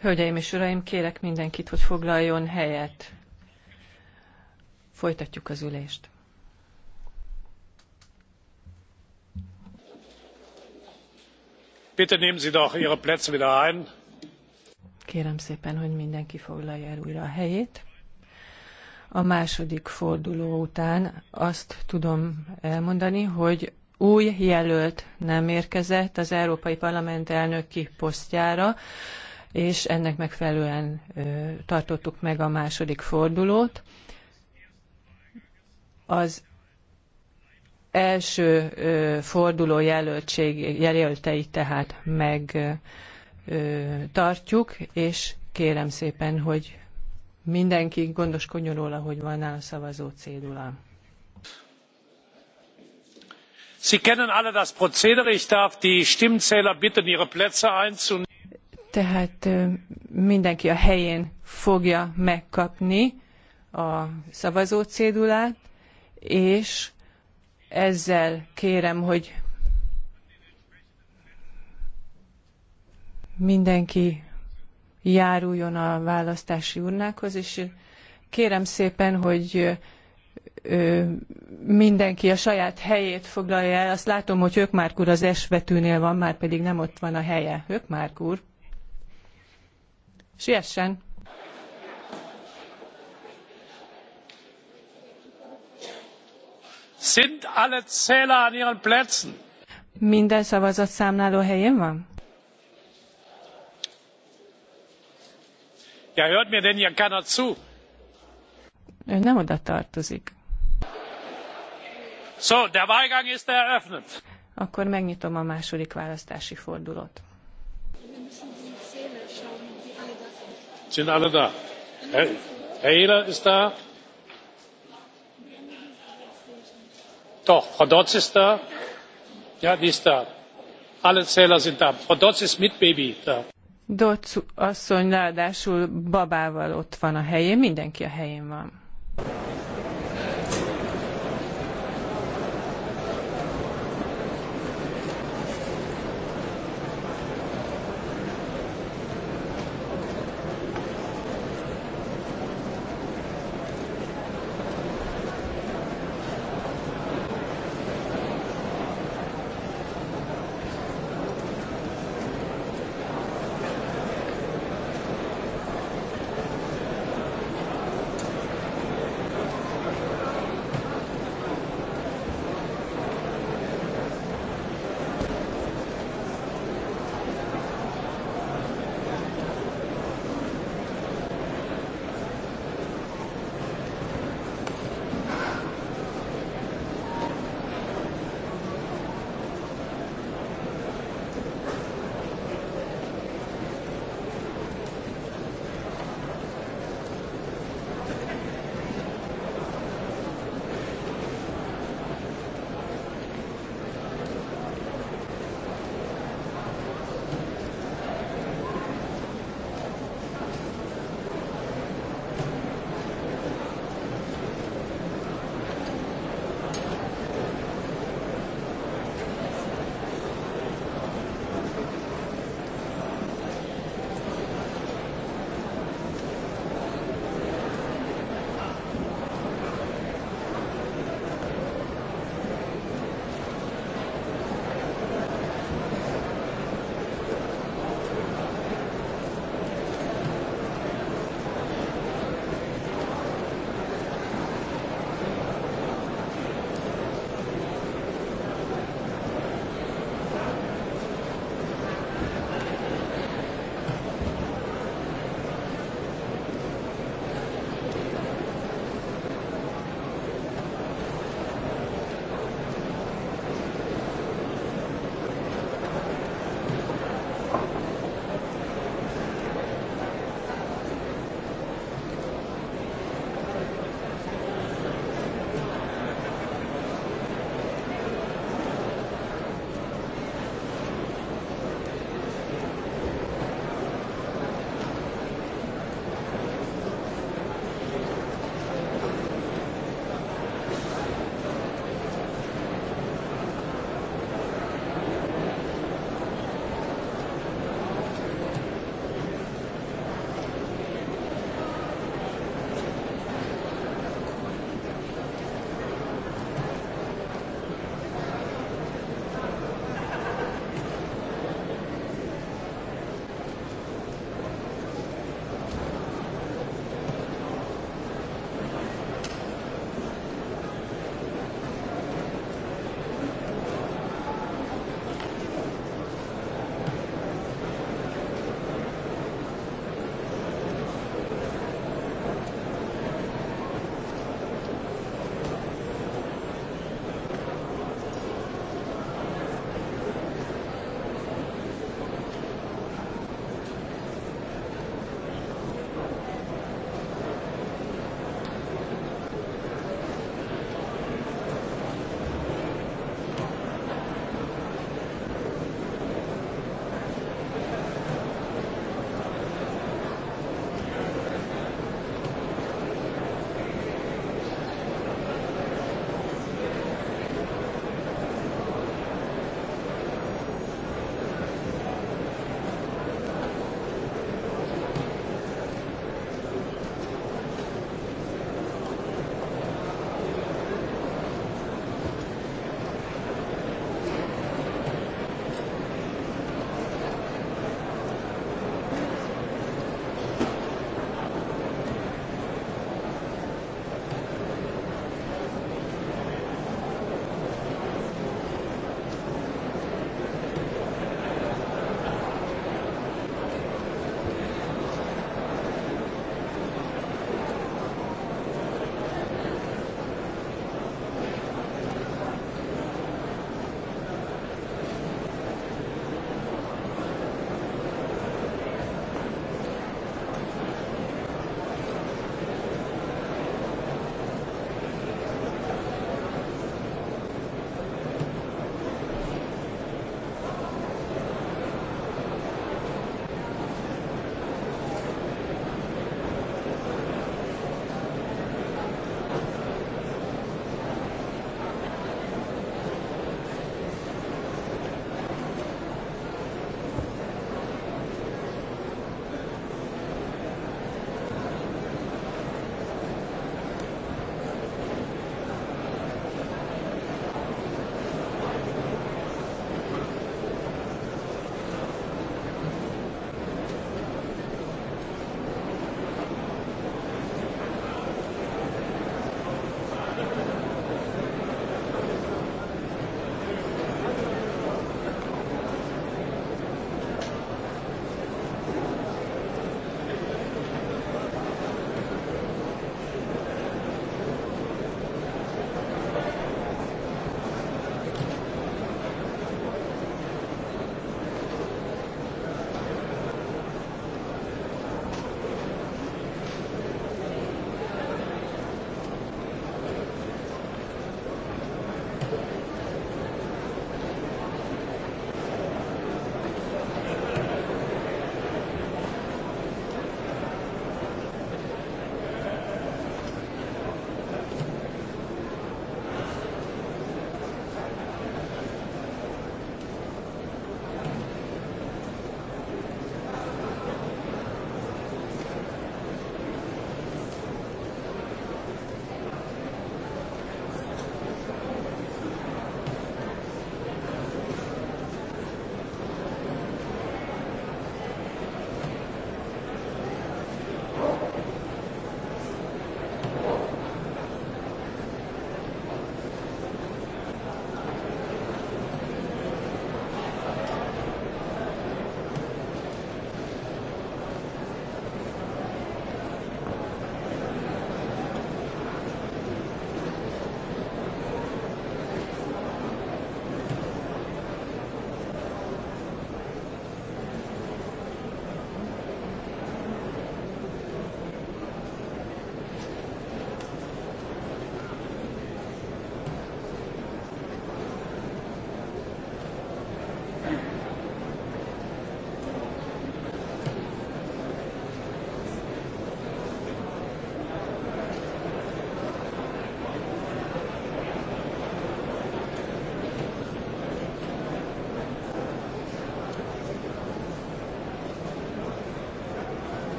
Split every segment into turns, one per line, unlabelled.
Hölgyeim és uraim, kérek mindenkit, hogy foglaljon helyet. Folytatjuk az ülést. Kérem szépen, hogy mindenki foglalja el újra a helyét. A második forduló után azt tudom elmondani, hogy új jelölt nem érkezett az Európai Parlament elnöki posztjára, és ennek megfelelően tartottuk meg a második fordulót. Az első forduló jelöltség, jelölteit tehát megtartjuk, és kérem szépen, hogy mindenki gondoskodjon róla, hogy van nála szavazó
cédula sie kennen alle das prozedere ich darf die stimmzähler bitten ihre plätze einzunehmen.
tehát mindenki a helyén fogja megkapni a szavazócédulát és ezzel kérem hogy mindenki járuljon a választási urnákhoz és kérem szépen hogy mindenki a saját helyét foglalja el. Azt látom, hogy Hökmárk úr az S betűnél van, már pedig nem ott van a helye. Hökmárk úr. Siessen!
Sind alle Zähler an ihren Plätzen?
Minden szavazat számláló helyén van?
Ja, hört mir denn hier keiner zu?
Ön nem oda tartozik.
So, der Wahlgang ist eröffnet.
Akkor megnyitom a második választási fordulót.
Sind alle da? Herr, Ehler ist da? Doch, Frau Dotz ist da? Ja, die ist da. Alle Zähler sind da. Frau Dotz ist mit Baby da.
Dotz asszony ráadásul babával ott van a helyén, mindenki a helyén van.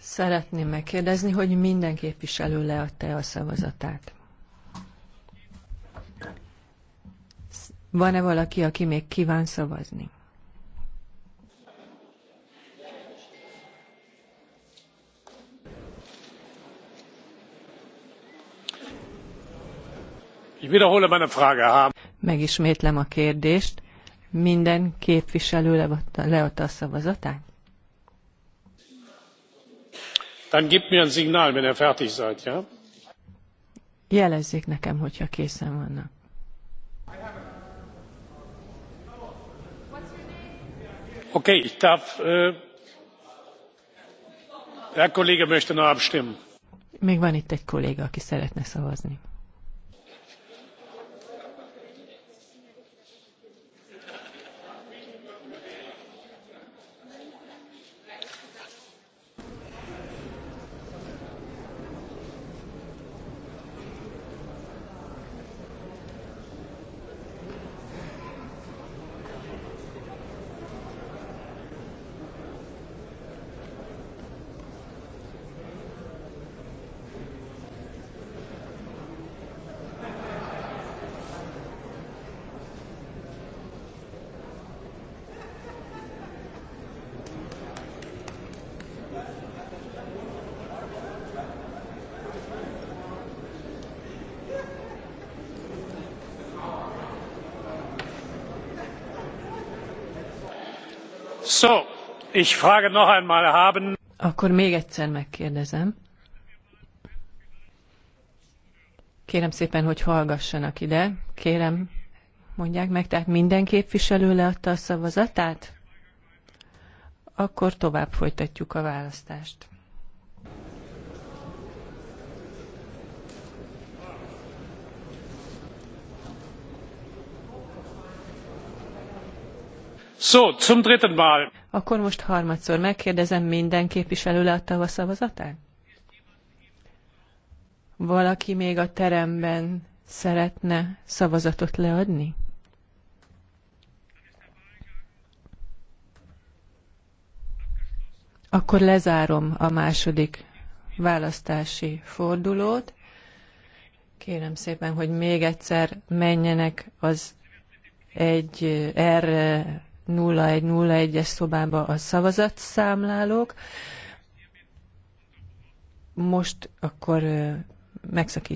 Szeretném
megkérdezni, hogy minden képviselő leadta a szavazatát. Van-e valaki, aki még kván szavazni? Megismétlem a kérdést. Minden képviselő leadta a szavazatát?
Dann gib mir ein Signal, wenn ihr er fertig seid, ja?
Jelezzék nekem, hogyha készen
vannak. Okay, ich darf, Uh, Herr Kollege möchte noch abstimmen.
Még van itt egy kolléga, aki szeretne szavazni. Akkor még egyszer megkérdezem. Kérem szépen, hogy hallgassanak ide. Kérem, mondják meg, tehát minden képviselő leadta a szavazatát? Akkor tovább folytatjuk a választást. Akkor most harmadszor megkérdezem, minden képviselő látta a szavazatát? Valaki még a teremben szeretne szavazatot leadni? Akkor lezárom a második választási fordulót. Kérem szépen, hogy még egyszer menjenek az egy R 0101-es szobába a szavazatszámlálók. Most akkor megszakítjuk.